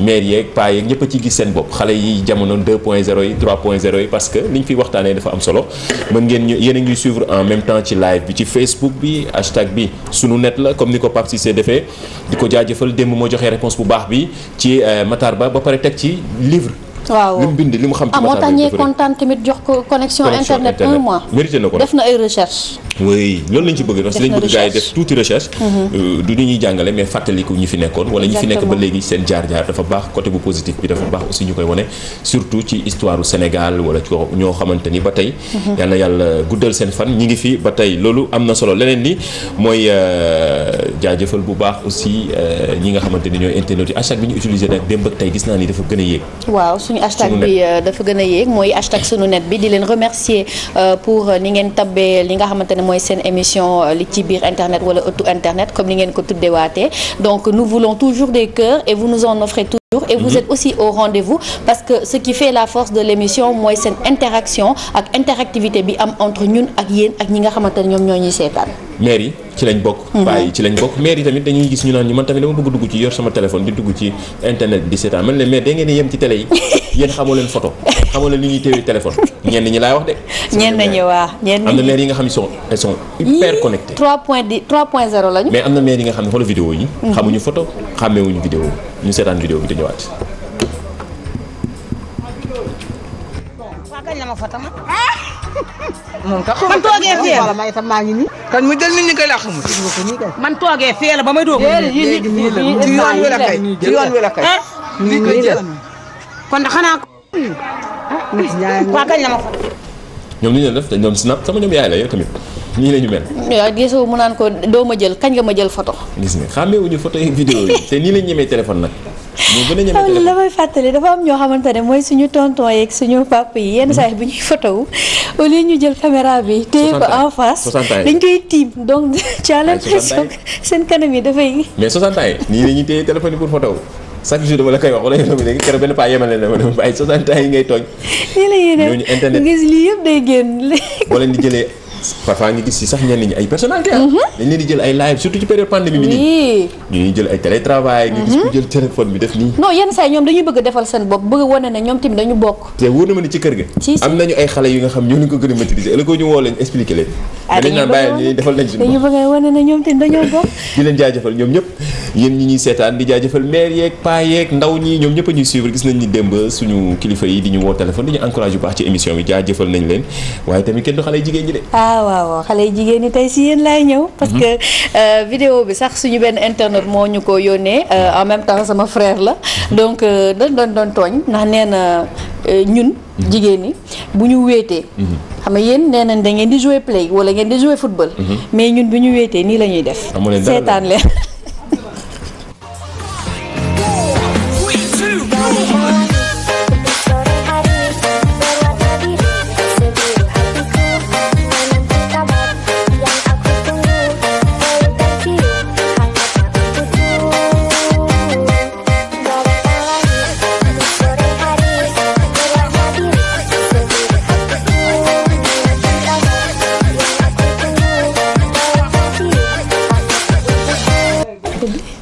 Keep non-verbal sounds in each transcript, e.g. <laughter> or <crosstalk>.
maire yeeg paa yeeg ñëpp a ci gis seen bopp xale yi jamono 2 point 0 yi 3 point 0 yi parce que liñ fiy waxtaanee dafa am solo mën ngeen ñu yéen ngi suivre en même temps ci live bi ci Facebook bi hashtag bi sunu net la comme ni ko Pape see defee di ko jaajëfal démb moo joxee réponse bu baax bi ci euh, Matar Ba ba pare teg ci livre waaw li mu bind li mu xam. ci ah, moo tax ñee tamit jox ko connexion internet un mois. na ko def na ay recherche oui loolu lañ ci bëgg parce que lañ bëgg gars yi def tuuti recherche. Mhm. Euh, du ñu ñuy jàngale mais fàttaliku ñi fi nekkoon. wala ñi fi nekk ba léegi seen jaar-jaar dafa baax côté bu positif bi dafa baax aussi ñu koy wane surtout ci histoire du Sénégal wala ci ñoo xamante ni ba tey. Mhm. yal yàlla guddal seen fan ñi ngi fi ba tey loolu am na solo leneen li mooy euh, jaajëfal bu baax aussi euh, ñi nga xamante ni ñooy internet yi bi ñu utiliser nag démb tey gis naa ni dafa gën a yéeg. suñu hashtag bi euh, dafa gën a yéeg mooy hashtag sunu net bi di leen remercier euh, pour euh, ni ngeen tabee li nga xamante ne mooy seen émission li ci biir internet wala ëttu internet comme ni ngeen ko tuddeewaatee donc nous voulons toujours des cœurs et vous nous en offrez toujours et vous mhm. êtes aussi au rendez-vous parce que ce qui fait la force de l'émission mooy seen interaction ak interactivité bi am entre ñun ak yéen ak ñi nga xamante ne ñoom ñoo ñuy seetaan maire yi ci lañ bokk. Mhm. bàyyi ci lañ bokk maire yi tamit dañuy gis ñu naan ñu man tamit dama bëgg dugg ci yor sama téléphone di dugg ci internet bi di seetaan man leen mais da ngeen yem ci télé yi <laughs> yéen xamoo leen photo xamoo leen li ñuy téye téléphone ñenn ñi laay wax de. <laughs> ñenn ñi waa ñenn ñi am na maire yi nga xam ne sont ils sont hyper connectés. point 10 3 point 0 lañu. mais am na maire yi nga xam ne xoolal vidéo yi. Mhm. xamuñu photo xàmmeewuñu vidéo ñu seetaan <laughs> moom tax man toogee fee maa ngi nii. kan jël nit ñi man toogee fee la ba may doog. léegi nii la ko jël ah, xanaa. waa kañ la ma ko. ñoom ñu leen def dañ doon snap sama ñoom yaay la yow tamit ñii la ñu mel. waaw gisoo mu naan ko doo ma jël kañ nga ma jël photo. gis nga xàmmeewuñu photo yi vidéo yi <laughs> te nii lañ ñemee téléphone nag. la may fàttali dafa am ñoo xamante ne mooy suñu tonton yeeg suñu papa yi yenn saa yi mhm. bu ñuy photo au lieu ñu jël caméra bi téye ko en face dañ koy tiim donc <laughs> tu as l'impression seen kanam yi dafay <laughs> mais 60 ans yi nii la <laughs> ngay tooñ nii la ñuy def gis lii yëpp day génn boo leen di jëlee parfois nga gis si sax ñenn ñi ay personnalité am. Ah. Mhm. dañ jël ay live surtout ci période pandémie bi nii. ñuy jël jël ay mhm. xale ñu ko a maîtriser ëllëg ñu woo leen expliquer ah, bëgg a wane defal nañ suñu bopp bëgg a wane ne ñoom tamit dañoo bokk. <laughs> di leen jaajëfal ñoom ñëpp yéen ñi ñuy seetaan di jaajëfal maire yeeg paa yeeg ndaw ñi ñoom ñëpp a ñuy suivre gis nañ démb suñu kilifa yi di ñu woo téléphone di ñu encourage bu baax ci émission bi jaajëfal nañ leen waaye tamit kenn du xale jigéen ñi de ah, ah waaw waaw xale jigéen ñi tey si yéen laay ñëw. parce mhm. que euh, vidéo bi sax suñu benn internet moo ñu ko yónnee euh, en même temps sama frère la mhm. donc euh, dañ doon doon tooñ ndax nee na ñun. Mhm. jigéen ñi bu ñu wéetee. xam nga yéen nee nañ da ngeen di jouer play wala ngeen di jouer football. mais ñun bu ñu wéetee nii la ñuy def. seetaan leen.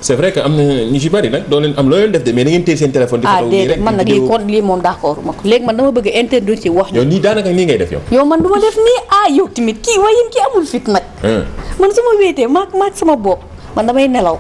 c'est vrai que am na ñu ci bari nag doo leen am loo leen def de mais da téye seen téléphone. di fotow ah, man nag lii kon lii moom d'accord ma ko léegi man dama bëgg interdire ci wax. nii daanaka nii ngay def yow. yow man du ma def nii ah yow tamit kii waaye kii amul fit nag. man su ma wéetee maag maag sama bopp man damay nelaw.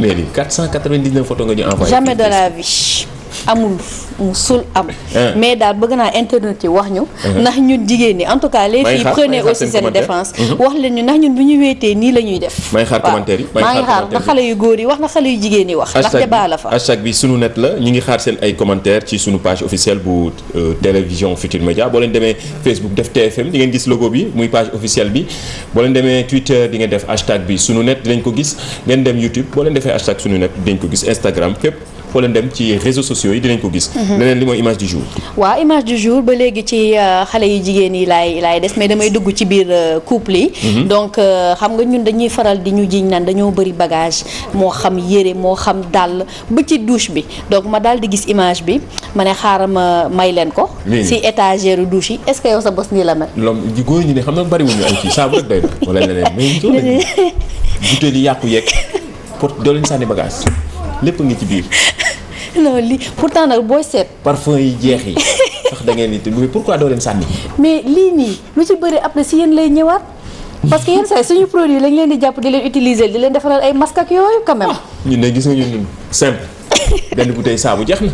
mais lii 499 photos nga ñu envoyé. jamais de la vie. amul musul am. Eh. mais daal bëgg naa internet yi wax ñu. Eh. ndax ñun jigéen ñi en tout cas. les filles prenez aussi seen défense. Mhm. wax leen ñu ndax ñun bu ñu weetee nii la ñuy def. may xaar commentaire yi maa xaar na xale yu góor yi wax na xale yu jigéen yi wax. ndax débat la fa hashtag bi sunu net la ñu ngi xaar seen ay commentaire ci sunu page officielle bu euh, télévision Futur Média boo leen demee Facebook def TFM di ngeen gis logo bi muy page officielle bi boo leen demee Twitter di ngeen def hashtag bi sunu net dinañ ko gis ngeen dem YouTube boo leen defee hashtag sunu net dinañ gis Instagram fépp foo leen dem ci réseaux sociaux yi dinañ ko gis. Mhm. leneen li mooy image du jour. waaw image du jour ba léegi ci euh, xale yi jigéen yi laay laay des mais damay dugg ci biir euh, couple yi. Mhm. donc euh, xam nga ñun dañuy faral di ñu jiñ naan dañoo bëri bagage moo xam yére moo xam dàll ba ci douche bi donc ma daal di gis image bi ma ne xaaral ma may leen ko. si étagère douche yi est-ce que yow sa bos nii la mel. loolu góor ne xam nga bariwuñu ay kii saabu rek doy na wala leneen mais soo leen <laughs> butéel yi yàqu yeeg pour doo leen sànni bagage lépp ngi ci biir. <laughs> non li pourtant nag booy seet. parfum yi jeex yi <laughs> sax da ngeen di mais pourquoi doo leen sànni. mais lii nii lu ci bëri après si yéen lay ñëwaat. parce que yenn saa suñu produit lañ leen di jàpp di leen utiliser di leen defaral ay masque ak yooyu quand même. Ah, ñun de gis nga ñun simple. <coughs> benn bouteille saabu jeex na.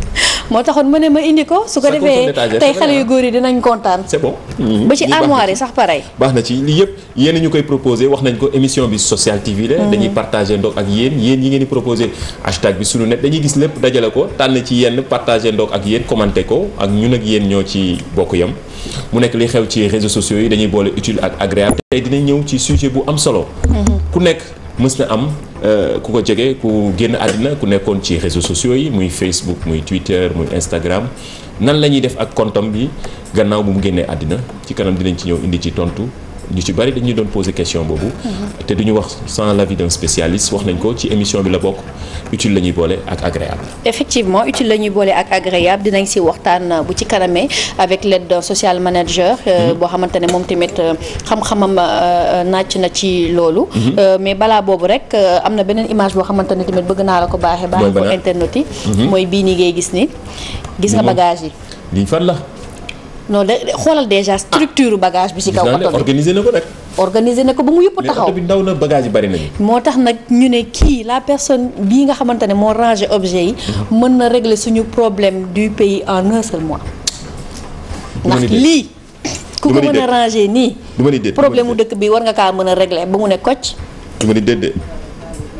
moo taxoon ma ne ma indi ko su ko defee tey xale yu góor yi dinañ kontaan. c'est mm-hmm. ba ci armoire sax pareil. baax na ci lii yëpp yéen ñu koy proposé wax nañ ko émission bi Social TV la. Mm-hmm. dañuy partagé ndox ak yéen yéen yi ngeen di proposé hashtag bi sunu net dañuy gis lépp dajale ko tànn ci yenn partagé ndox ak yéen commenté ko ak ñu ak yéen ñoo ci bokk yam mu nekk li xew ci réseaux sociaux yi dañuy boole utile ak agréable. tey dinañ ñëw ci sujet bu am solo. Mm-hmm. Euh, ku ko jege ku génn àddina ku nekkoon ci réseaux sociaux yi muy Facebook muy Twitter muy Instagram nan la ñuy def ak kontom bi gannaaw bu mu génnee àddina ci kanam dinañ ci ñëw indi ci tontu. ñu ci bari dañuy doon poser question boobu. Mhm. te duñu wax sans l'avis spécialiste wax nañ ko ci émission bi la bokk utile la ñuy boole ak agréable. effectivement utile la ñuy boole ak agréable dinañ si waxtaan euh, bu ci kanamee avec l'aide social manager. Euh, mhm. boo xamante ne moom tamit euh, xam-xamam nàcc na ci loolu. Mhm. mais balaa boobu rek am na beneen image boo xamante ne tamit bëgg naa la ko baaxee. baaxee ko internet yi. mooy bii nii ngay gis ni gis nga bagage yi. lii la. non de xoolal déjà ah. structure bagage bi ci kaw oto bi na ko rek. organiser na ko ba mu yëpp taxaw mais ndaw bari nañu. moo tax nag ñu ne kii la personne bii nga xamante ne moo ranger objet yi. Mhm. mën na régler suñu problème du pays en un seul mois. ndax lii. ku ko mën a ranger nii. problème mu dëkk bi war nga kaa mën a régler ba mu ne kocc. du ma ni déedéet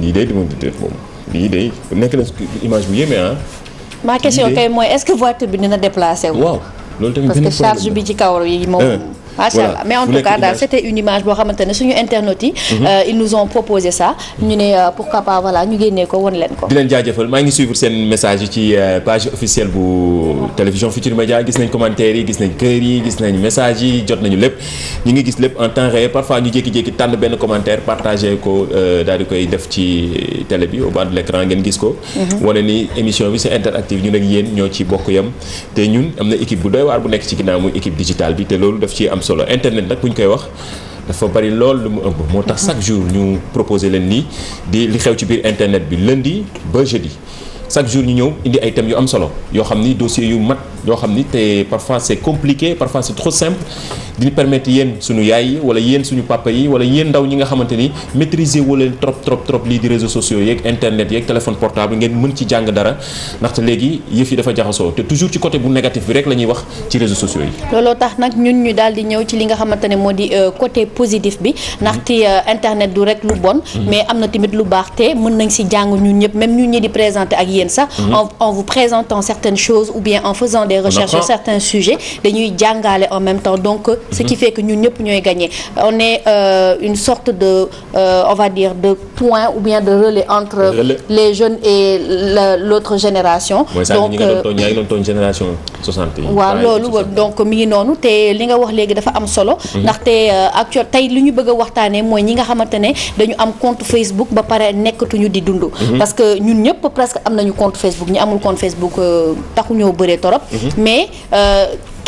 lii de du ma ni déedéet moom lii day nekk na image bu yéeme ah. kay mooy est-ce que voiture bi dina déplacé wu. loolu tamit benn problème parce que charge bi ci kaw yi moom. Eh. macha allah mais en tout cas daal c'était une image boo xamante ne suñu internautes yi. Mhm. Euh, ils nous ont proposé ça. ñu ne euh, pourquoi pas voilà ñu génnee ko won leen ko. di leen jaajëfal maa ngi suivre seen message yi ci euh, page officielle bu télévision Futur Média gis nañ commentaires yi gis nañ kër yi gis nañ message yi jot nañu lépp ñu ngi gis lépp en ten réel parfois ñu jékki-jékki tànn benn commentaire partagé ko daal di koy def ci télé bi au bas de l'écran ngeen gis ko. Mhm. wane ni bi c'est interactive ñoo ci bokk yam te ñun am na équipe loolu daf ci am solo internet nag bu ñu koy wax dafa bari lool lu mu ëmb moo tax chaque jour ñu proposer leen lii di li xew ci biir internet bi lundi ba jeudi chaque jour ñu ñëw indi ay thèmes yu am solo yoo xam ni dossiers yu mat yoo xam ni te parfois c'est compliqué parfois c'est trop simple di permettre yéen suñu yaay yi wala yéen suñu papa yi wala yéen ndaw ñi nga xamante ni maîtriser leen trop trop trop lii di réseaux sociaux yeeg internet yeeg téléphone portable ngeen mën ci jàng dara ndaxte léegi yëf yi dafa jaxasoo te toujours ci côté bu négatif bi rek la wax ci réseaux sociaux yi. looloo tax nag ñun ñu daal di ñëw ci li nga xamante moo di euh, côté positif bi ndaxte euh, internet du rek lu bon. Mm-hmm. mais am na tamit lu baax te mën nañ si ce qui fait que ñun ñëpp ñooy gagné on est euh, une sorte de euh, on va dire de point ou bien de relais entre les jeunes et l'autre génération donc euh, waaw loolu donc mi ngi noonu te li nga wax léegi dafa am solo mhm. ndaxte actuel tey lu ñu bëgg a waxtaanee mooy ñi nga xamante ne dañu am compte Facebook ba pare nekkatuñu di dund mhm. parce que ñun ñëpp presque am nañu compte Facebook ñu amul compte Facebook taxu ñoo bëree torop mhm. mais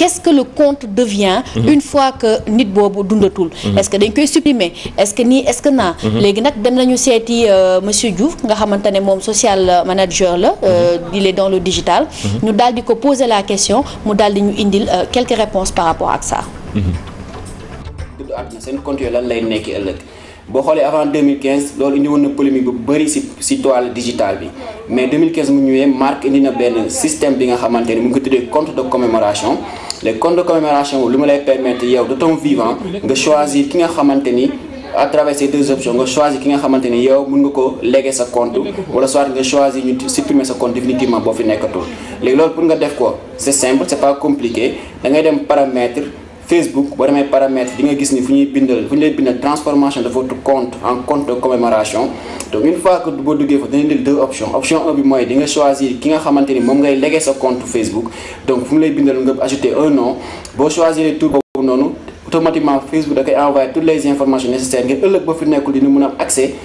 qu'est-ce que le compte devient mhm. une fois que nit boobu dundatul mhm. est-ce que dañ koy est-ce que nii est-ce que naa mhm. léegi nag dem nañu seeti euh, monsieur Diouf nga xamante ne moom social manager la dile euh, est dans le digital ñu daal di ko poser la question mu daal di ñu indil euh, quelques réponses par rapport ak ça dudd àdduna seen compte yooyu lan lay nekki ëllëg boo xoolee avant 2015 loolu indi woon na bëri si si toile bi mais 2015 mu ñëwee marque indi na benn système bi nga xamante ni mu ngi ko tuddee compte de commémoration les comptes de commémoration lu mu lay permettre yow de ton vivant nga choisir ki nga xamante ni à travers ces deux options nga choisir ki nga xamante ni yow mun nga ko léguer sa compte wala soit nga choisir ñu supprimer sa compte définitivement boo fi nekkatul léegi loolu pour nga def ko c'est simple c'est pas compliqué da dem paramètre Facebook boo demee paramètre di nga gis ni fu ñuy bindal fu ñu lay bindal transformation de votre compte en compte de commémoration donc une fois que boo duggee fa dina deux options option bi mooy di choisir ki nga xamante ni moom ngay léguer sa compte Facebook donc fu mu lay bindal nga ajouter un nom boo choisir tur boobu noonu automatiquement Facebook da koy toutes les informations nécessaires ngir ëllëg ba fi nekkul dina mën a am accès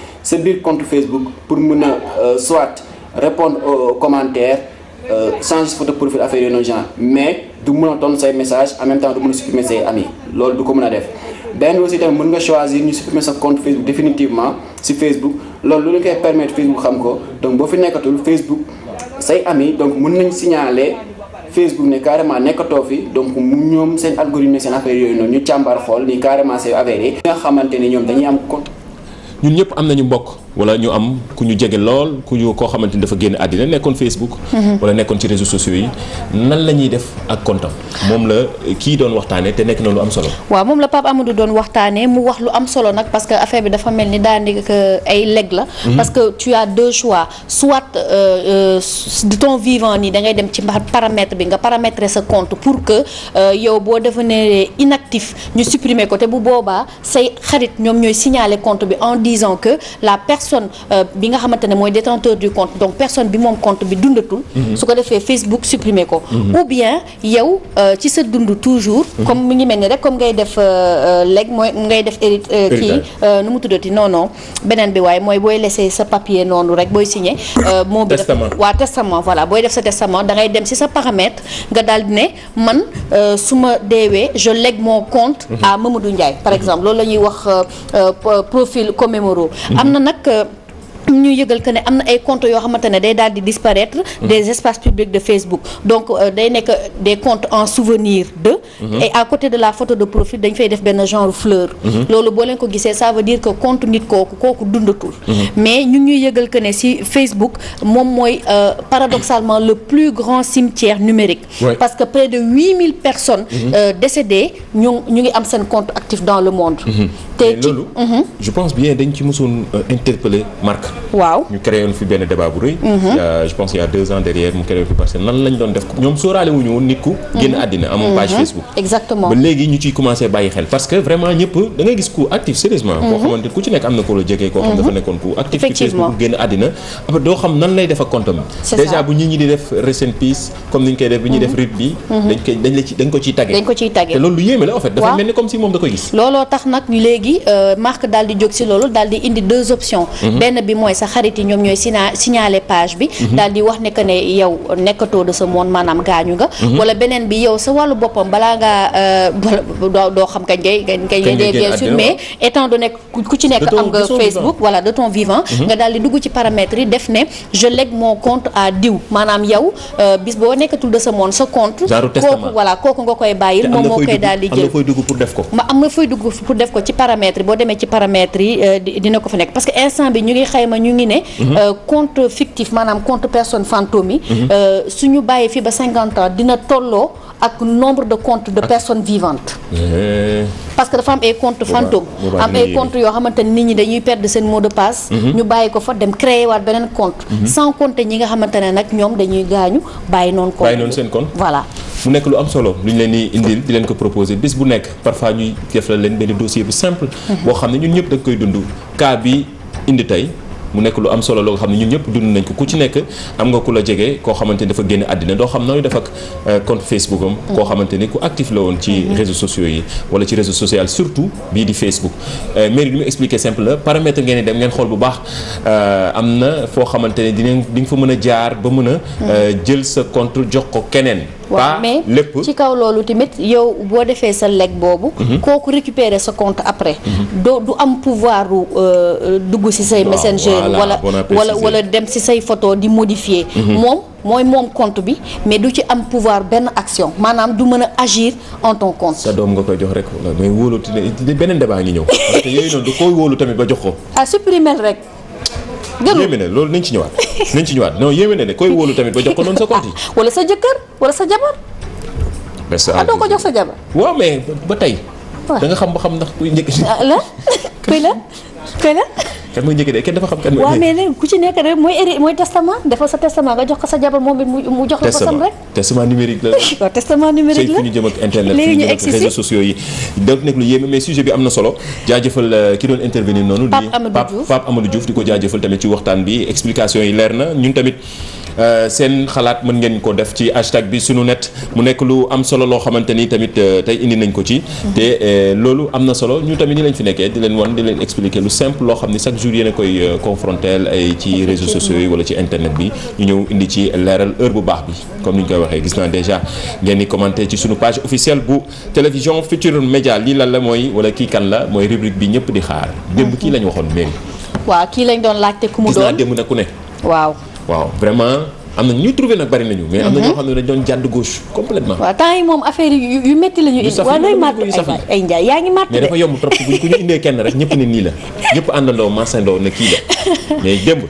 change euh, photo profil affaire yooyu noonu genre mais du mën a tontu say message en même temps du mën a supprimer say amis loolu du ko mën a def. benn aussi tamit mën nga choisir ñu supprimer sa compte Facebook définitivement si Facebook loolu lu la koy permettre Facebook xam ko donc boo fi nekkatul Facebook say amis donc mën nañ signaler. Facebook ne carrément nekkatoo fi donc mu ñoom seen algorithme seen affaire yooyu noonu ñu càmbar xool ni carrément c'est avéré. nga xamante ni ñoom dañuy am compte. ñun ñëpp am nañu mbokk wala ñu am ku ñu jege lool ku ñu koo xamante dafa génn àddina nekkoon Facebook. Mhm. wala nekkoon ci réseaux sociaux yi nan la ñuy def ak kontam moom la kii doon waxtaanee te nekk na lu am solo. waaw moom la Pape Amadou doon waxtaanee mu wax lu am solo nag parce que affaire bi dafa mel ni daanaka ay leg la. Mhm. parce que tu as deux choix soit euh, euh, de ton vivant nii da ngay dem ci paramètre bi nga paramétrer sa compte pour que euh, yow boo devenir ne ñu supprimer ko bu boobaa disant que la personne euh, bi nga xamante ne mooy détenteur du compte donc personne bi moom compte bi dundatul mhm. su ko defee Facebook supprimer ko mhm. ou bien yow euh, ci sa dund toujours mhm. comme mu ngi mel ni rek comme ngay def euh, léeg mooy ngay def hérite kii nu mu tuddati non non beneen bi waaye mooy booy laisser sa papier noonu rek booy signer moo bi def waa testament voilà booy def sa testament da ngay dem ci sa paramètre nga daal di ne man su ma deewee je lègue moo compte à Mamadou Ndiaye par exemple loolu la mémoraux am na nag euh, ñu yëgal que ne am na ay comptes yoo xamante ne day daal di disparaître mm. des espaces publics de Facebook donc euh, day nekk des comptes en souvenir de mm-hmm. et à côté de la photo de profit dañ fay def benn genre fleur mm-hmm. loolu boo leen ko gisee ça veut dire que compte nit kooku kooku dundatul mm-hmm. mais ñu ñuy yëgal que ne si Facebook moom mooy euh, paradoxalement le plus grand cimetière numérique parce que près de 8000 personnes décédées ñu ñu ngi am seen compte actif dans le monde te ci loolu. Mhm. je pense bien dañ ci mosoon euh, interpeller Marc. waaw ñu créé fi benn débat bu rëy. Mhm. je pense il a deux ans derrière mu créé woon fi parce que mhm. ba léegi ñu ciy commencé bàyyi xel parce que vraiment ñëpp da gis ku actif sérieusement. koo xamante ku ci nekk am na ko la jege. koo xam dafa nekkoon ku génn àddina. après doo xam nan lay def ak compte am. déjà bu nit ñi di def rest in comme ni ñu koy def bi ñuy def rip dañ koy ci dañ léegi euh, marque daal di jóg si loolu daal di indi deux options mhm. benn bi mooy sa xarit yi ñoom ñooy sina signaler page bi mhm. daal di wax ne que ne yow nekkatoo de ce maanaam gaañu nga mhm. wala beneen bi yow sa wàllu boppam balaa ngaa euh, doo xam kañ ngay kañ ngay bien sûr mais étant donné ku ci nekk am nga Facebook voilà de ton vivant nga daal di dugg ci paramètres yi def ne je lègue mon compte à diw maanaam yow euh, bis boo nekkatul de ce monde sa compte kooku voilà kooku nga koy bàyyil moom moo koy daal di jël am nga fooy dugg pour def ko ci paramètres paramètres boo demee ci paramètres yi euh, dina ko fa nekk parce que instant bi ñu ngi xayma ñu ngi ne. Mhm. Euh, compte fictif maanaam compte personne fantôme yi. Mhm. Euh, su ñu bàyyi fii ba cinquante ans dina tolloo ak nombre de comptes de personnes vivantes. Eh. parce que dafa am ay comptes fantômes. am ay comptes yoo xamante ni nit ñi dañuy perdre seen mot de passe. Mhm. ñu bàyyi ko fa dem créer waat beneen compte. sans compter ñi nga xamante ne nag ñoom dañuy gaañu bàyyi noonu. compte bàyyi noonu voilà. mu nekk lu am solo lu ñu leen di indil di leen ko proposer bis bu nekk parfois ñuy def la leen benn dossier bu simple. Mhm. boo xam ne ñun ñëpp da koy dund cas bi indi tey. mu nekk lu am solo loo xam ne ñun ñëpp dund nañ ko ku ci nekk am nga ku la jege koo xamante ni dafa génn àddina doo xam nooy def ak euh, compte Facebook am. Mhm. koo xamante ni ku actif la woon ci mhm. réseaux sociaux yi. wala ci réseau social surtout bii di Facebook. Euh, mairie li mu expliqué simple la paramètre dem ngeen xool bu baax euh, am na foo xamante ne dinañ di nga fa mën a jaar ba mën a. jël sa compte jox ko keneen. waaw mais lépp ci kaw loolu tamit yow boo defee sa lekk boobu mhm. kooku récupérer sa compte après mhm. doo du am pouvoir euh, euh, dugg ci say messenger wala wala wala dem ci say photo di modifier mhm. moom mooy moom compte bi mais du ci am pouvoir benn action maanaam du mën a agir en ton compte. sa doom nga koy jox rek mais wóolu beneen débat ngi ñëw parce que tamit ba jox ko. ah supprimer rek. gënu yéeme na loolu nañ ci ñëwaat <laughs> nañ ci ñëwaat non yéeme na ne koy wóolu tamit ba jox ko noonu sa compte yi. <laughs> wala sa jëkkër wala sa jabar. mais ah, sa doo ko jox sa jabar. waaw mais ba tey. da nga xam ba xam ndax kuy njëkk si. Ah, la <laughs> kuy la kuy la. kan mooy njëkk de kenn dafa xam kan mooy. waaw <laughs> mais léegi ku ci nekk rek mooy eri mooy testament defal sa testament nga jox ko sa jabar moom it mu jox la bosam rek. testament numérique la. <laughs> waaw testament numérique la. ñu jëm ak internet léegi ñu egsi réseaux sociaux yi. donc nekk lu yéeme mais sujet bi am na solo jaajëfal euh, ki doon intervenir noonu. Pape Amadou Diouf di Pape Amadou Diouf di ko jaajëfal tamit ci waxtaan bi explication yi leer na ñun tamit. Euh, seen xalaat mën ngeen ko def ci hashtag bi sunu net mu nekk lu am solo loo xamante ni tamit euh, tey indi nañ ko ci. te euh, loolu am na solo ñu tamit ni lañ fi nekkee di leen wan di leen expliquer lu simple loo xam ni chaque jour yéen a koy confronter ay ci réseaux sociaux yi wala ci internet bi ñu ñëw indi ci leeral heure bu baax bi comme ni ñu koy waxee gis naa déjà ngeen di commenter ci sunu page officielle bu télévision Futurs Médias lii lan la mooy wala kii kan la mooy rubrique bi ñëpp di xaar kii lañ waxoon mairie. waaw kii na ku ne. waaw vraiment am na ñu trouvé nag bari nañu. mais am na ñoo mhm. xam ne dañ doon jàdd gauche complètement. temps yi moom affaire yu métti la ñu indi. waaw nooy màtt ay njaay yaa ngi màtt de. mais dafa yomb trop bu ñu indee kenn rek ñëpp ne nii la ñëpp àndandoo masandoo na kii la <laughs> mais démb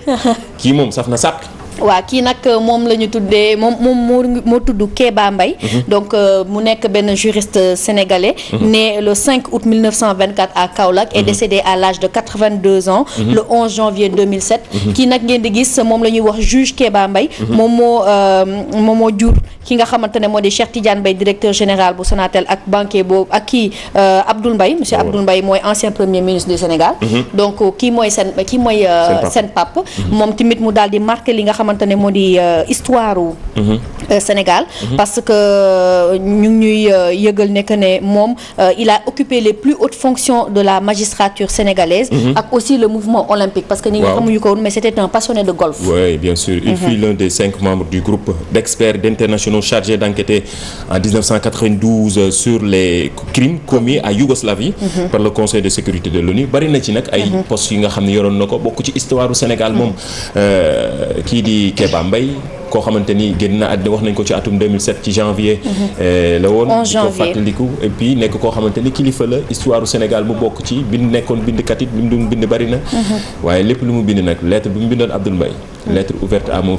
kii moom saf na sàpp waaw kii nag euh, moom la ñu tuddee moom moo moo tudd Kéba mbay mhm. donc euh, mu nekk benn juriste euh, sénégalais mhm. né le 5 août 1924 à Kaolack et mhm. décédé à l'âge de 82 ans le 11 janvier 2007 kii nag ngeen di gis moom la ñuy wax juge Kéba Mbaye moom moo moom moo jur ki nga xamante ne moo di Cheikh Tidiane mbay directeur général bu Sonatel ak banquier boobu ak kii Abdoul Mbaye oh. monsieur Abdoul Mbaye mooy ancien premier ministre du Sénégal donc kii mooy seen kii mooy seen pape moom tamit mu daal di marqué li nga xam xamante ne moo di euh, histoire u mhm. euh, Sénégal mhm. parce que euh, ñu ngi ñuy yëgal ne que ne moom il a occupé les plus hautes fonctions de la magistrature sénégalaise mhm. ak aussi le mouvement olympique parce que nit ñi xamuñu ko woon mais c'était un passionné de golf oui bien sûr il fut l'un des cinq membres du groupe d'experts internationaux chargés d'enquêter en sur les crimes commis à Yougoslavie par le conseil de sécurité de l'ONU bari ci nag ay postes yi nga xam ne yoroon na ko bokk ci Kéba Mbaye koo xamante ni génn na àddina wax nañ ko ci atum 2007 ci janvier euh, la woon di ko fàttaliku et nekk koo xamante kilifa la histoire Sénégal bu bokk ci bind nekkoon bindkat it li mu bind bari mhm. waaye lépp lu mu bind nag lettre bi mu bindoon Abdoul Mbaye mhm. lettre ouverte à mon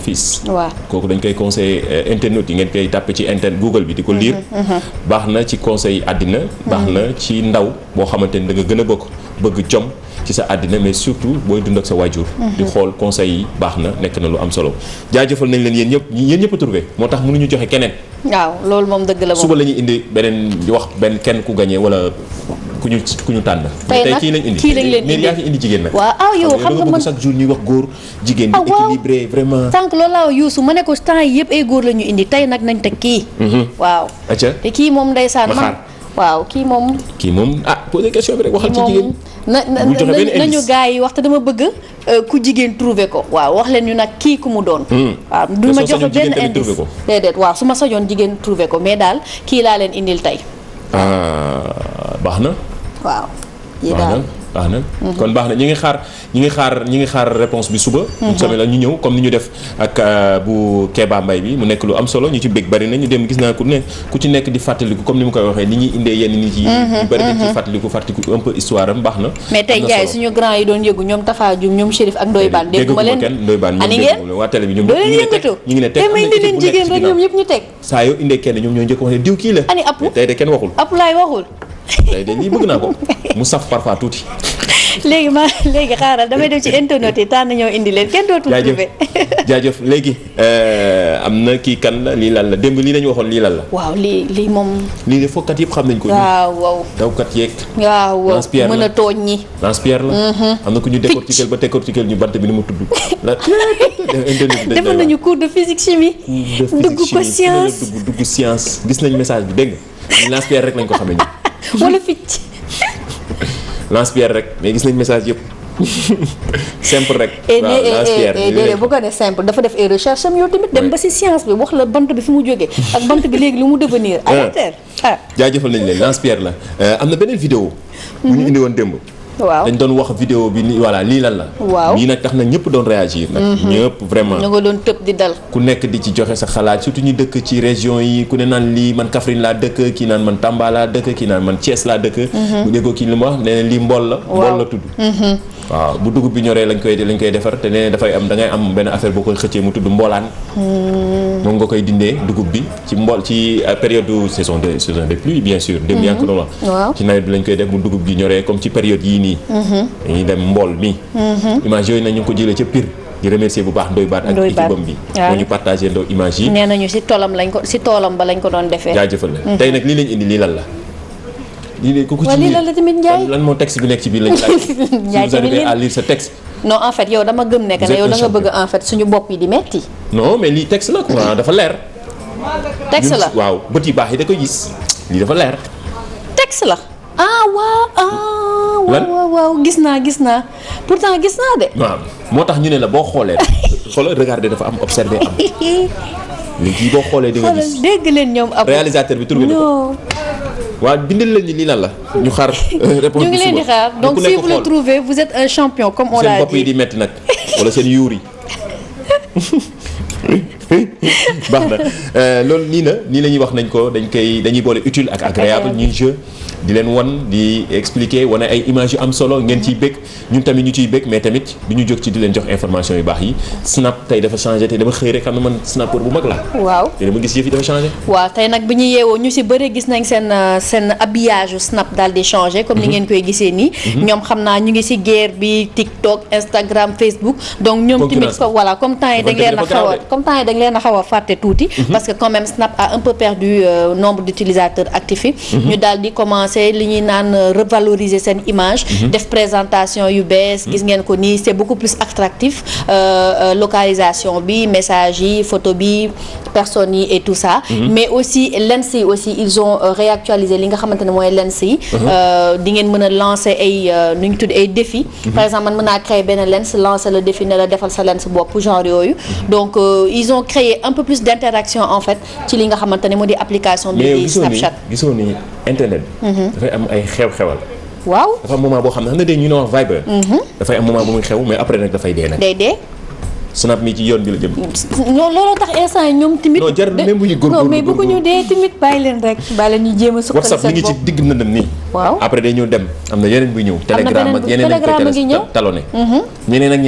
kooku dañ koy conseil euh, internautes yi ngeen koy tàppe ci internet Google bi di ko lire mhm, baax na ci conseil àddina baax na ci ndaw boo xamante ni da a bokk bëgg jom ci sa àddina mais surtout booy dund ak sa waajur. Mhm. di xool conseil yi baax na nekk na lu am solo jaajafal nañ leen yéen ñëpp yéen ñëpp a trouvé moo tax mënuñu joxe keneen. waaw loolu moom dëgg la moom suba la ñuy indi beneen wax benn kenn ku gagné wala. ku ñu ku ñu tànn. tey nag kii lañ indi jigéen nag. waaw ah yow xam nga man chaque jour ñuy wax góor. jigéen di ah, équilibré vraiment. sànq loolu ma ne ko temps yii yëpp ay góor lañu ñu indi tey nag nañ teg kii. Mhm. waaw. te kii moom ndeysaan man waaw kii moom. kii moom ah posé question bi rek waxal ci jigéen. na nañu gars yi wax te dama bëgg euh, ku jigéen trouvé ko waaw wax leen ñu nag kii ku mu doon. Hmm. waaw du ma jox a benn indice déedéet waaw su ma sañoon jigéen trouvé ko mais daal kii laa leen indil tey. Ah, baax na waaw. yi daal baax na mhm. baax na ñi ngi xaar ñi ngi xaar ñi ngi xaar réponse bi suba mhm. ñu somme la comme ni ñu def ak euh, bu Kéba Mbaye mu nekk lu am solo ñu ci bég bari na ñu dem gis naa ku ne ku ci nekk di fàttaliku comme ni mu koy waxee ni ñuy indee yenn nit yi mhm, bari nañ ci fàttaliku fàttaliku un peu histoire am baax na mais tey jaay suñu grand yi doon yëgu ñoom Tafa Dioum ñoom Chérif ak Ndoye dégg ma leen kenn Ndoye Bane ñoom ngi ne teg may indi leen jigéen rek ñoom yëpp ñu teg saa yoo indee kenn ñoom ñoo njëkk wax ne diw kii la ani app tey de kenn waxul app laay waxul day de lii bëgg naa ko mu saf parfois tuuti. léegi ma léegi xaaral damay dem ci internet yi tànn ñoo indi leen kenn dootul. jaajëf jaajëf léegi euh, am na kii kan la lii lan la démb lii lañu waxoon lii lan la. waaw lii lii moom. lii de fokkat yëpp xam nañ ko. waaw waaw dawkat yeeg. waaw waaw mën a tooñ ñi. Lanspear la mhm. am na ku ñu décortiquer ba décortiquer ñu bant bi ni mu tudd. la internet defal nañu cours de physique chimie. dugg ko science dugg dugg science. gis nañ message bi dégg nga Lanspear rek lañ ko xamee ñun. wala picc. <laughs> lance pierre rek mais gis nañ message yëpp <laughs> simple rek. waaw lance pierre déedéet ko def simple dafa def ay recherche am yow tamit dem ba si science bi wax la bant bi fi mu jógee ak bant bi léegi lu mu devenir. à ah. terre ah. jaajëfal nañ leen lance la euh, am na beneen vidéo. Mm-hmm. bu ñu indi woon démb. waaw dañ doon wax vidéo bi ni voilà lii lan la. waaw lii nag tax na ñëpp doon réagir. nag mhm. ñëpp vraiment. ñu nga doon tëb di dal. ku nekk di ci joxe sa xalaat surtout ñu dëkk ci région yi ku ne naan lii man Kaffrine laa dëkk kii naan man Tamba laa dëkk kii naan man Thiès laa dëkk. Mhm. bu déggoo kii lu mu wax nee lii mbool la. mbool la tudd. Mhm. waaw bu dugub bi ñoree lañ koy lañ koy defar te nee dafay am dangay ngay am benn affaire boo koy xëccee mu tudd mboolaan. moom nga koy dindee dugub bi ci mbool ci euh, période saison de saison de pluie bien sûr. dem ko doon wax. bi lañ koy comme ci période yii nii mhm. dañuy dem mbool mi mhm. image yooyu nag ñu ngi ko jëlee ca Pire di remercier bu baax Ndoy Baat ak équipe am bi moo nee nañu si toolam lañ ko si toolam ba lañ ko doon defee jaajëfal mhm. la la lii lay ku tamit Ndiaye lan moo texte bi <laughs> yow dama gëm nekk ne yow da nga bëgg en fait suñu bopp yi di metti non mais lii texte la quoi dafa leer texte la waaw bët yi baax yi dafa leer texte la ah waaw ah. waaw waaw gis naa gis naa pourtant gis naa de. moo tax ñu ne la boo xoolee. <laughs> xoolal regarder dafa am observer am. léegi <laughs> boo xoolee di nga gis dégg leen ñoom ab réalisateur bi tur bi ko. waaw bindal la ñu lii lan la. ñu xaar <laughs> euh, réponse ñu ngi leen di xaar donc si vous le trouvez vous êtes un champion comme on l'a di metti nag wala seen yuur yi. <laughs> baax na euh, loolu nii la nii la wax nañ ko dañ koy dañuy boole utile ak agréable ñuy jeu di leen wan di expliquer wane ay images yu am solo ngeen ciy bëgg ñun tamit ñu ciy bëgg mais tamit du ñu jóg ci di leen jox information yu baax yi snap tey dafa changé tey dama xëy rek xam na man snapper bu mag la waaw tey dama gis yëf yi dafa changé waaw tey nag bi ñu yeewoo ñu si bëri gis nañ seen euh, seen habillage u snap daal di changé comme ni mhm. ngeen koy gisee nii mhm. ñoom xam naa ñu ngi si guerre bi TikTok Instagram Facebook donc ñoom tamit ko a xaw a comme temps xaw a fàtte tuuti. Mhm. parce que quand même Snap a un peu perdu euh, nombre d'utilisateurs actifs yi. Mhm. ñu daal di commencer li ñuy naan euh, revaloriser seen image. Mhm. def présentation yu bees. gis ngeen ko nii c'est beaucoup plus attractif euh, euh localisation bi message yi photo bi personnes yi et tout ça. mais aussi lens yi aussi ils ont réactualisé li nga xamante ne mooy lens yi. di ngeen mën a lancer ay nu ñu tudd ay défis. par exemple man mën naa créer benn lens lancer le défi ne la defal sa lens bopp genre yooyu et un peu plus d' interaction en fait ci li nga xamante ne moo di application bi di Snapchat mais mhm. dafay am ay xew-xewal. waaw dafa am boo xam ne xam nga day ñu ne wax Viber. Mhm. dafay am moment bu muy xew mais après nag dafay dee nag. day dee. snap mi ci yoon bi la jëm. non looloo tax instant yi ñoom tamit. a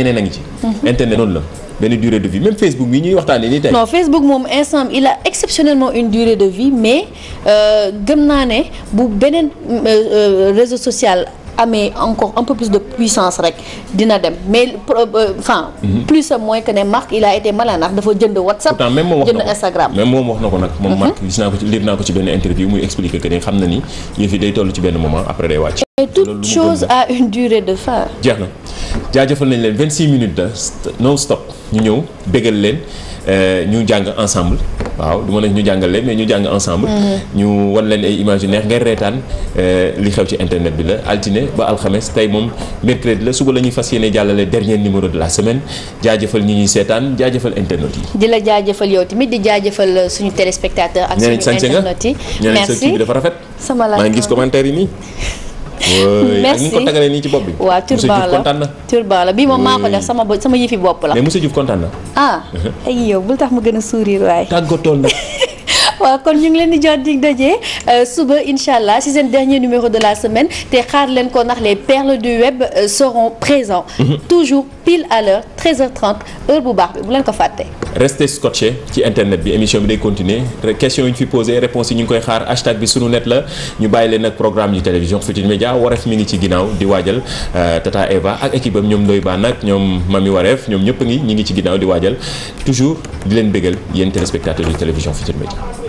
a ngi mhm. noonu la. benn durée de vie même Facebook mii ñuy waxtaanee nii tey. non Facebook moom instant il de vie mais euh, gëm naa ne bu beneen euh, euh, réseau social. amee encore un peu plus de puissance rek dina dem mais enfin mhm. plus sa mooy que ne a Instagram même moom wax na ko nag moom mhm. Marc gis naa ko ci benn interview muy expliquer que ne xam na ni yëf yi day toll ci benn moment après day wàcc toute chose a une durée de fin jeex na jaajëfal nañ leen 26 minutes de non stop ñu ñëw bégal leen euh, ñu jàng ensemble waaw du ma ne ñu jàngale mais ñu jàng ensemble. Mm-hmm. ñu wan leen ay imaginaire ngay reetaan euh, li xew ci internet bi la altine ba alxames tey moom mercredi la suba la ñuy fas yéene jàllale dernier numéro de la semaine jaajëfal ñi ñuy seetaan jaajëfal internet yi. di la jaajëfal yow tamit di jaajëfal suñu téléspectateur ak suñu internet yi. merci ñeneen sa dafa rafet. sama la maa ngi gis commentaire yi nii. <laughs> <laughs> merci ak ni ko tagalee nii ci bopp bi. waaw turban la kontaan na. turban la bii moom maa ko def sama sama yëfi bopp la. mais monsieur Diouf kontaan na. ah. <laughs> ay yow bul tax mu gën a sourire waay. tàggatool na. <laughs> waaw kon ñu ngi leen di jot di daje euh, suba incha allah ci seen dernier numéro de la semaine te xaar leen ko ndax les perles du web euh, seront présents. Mhm. toujours pile à l'heure 13h30 heure bu baax bi bu leen ko fàtte. restez scotché ci internet bi émission bi day continuer question yi ñu fi posé réponse yi ñu ngi koy xaar hashtag bi sunu net la ñu bàyyi leen ak programme yu télévision Futurs Médias wareef mi ngi ci ginnaaw di waajal euh, Tata Eva ak équipe am ñoom Ndoye Bane ak ñoom Mami Wareef ñoom ñëpp ngi ñu ngi ci ginnaaw di waajal toujours di leen bégal yéen téléspectateurs yu télévision Futurs Médias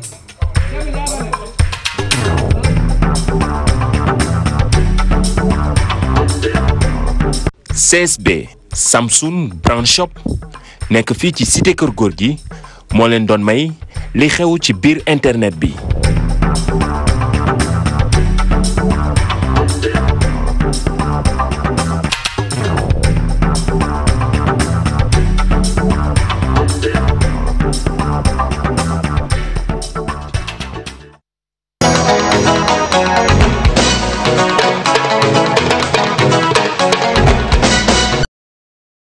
CSB Samsung Brand Shop nekk fii ci cité kër góor gi moo leen doon may li xew ci biir internet bi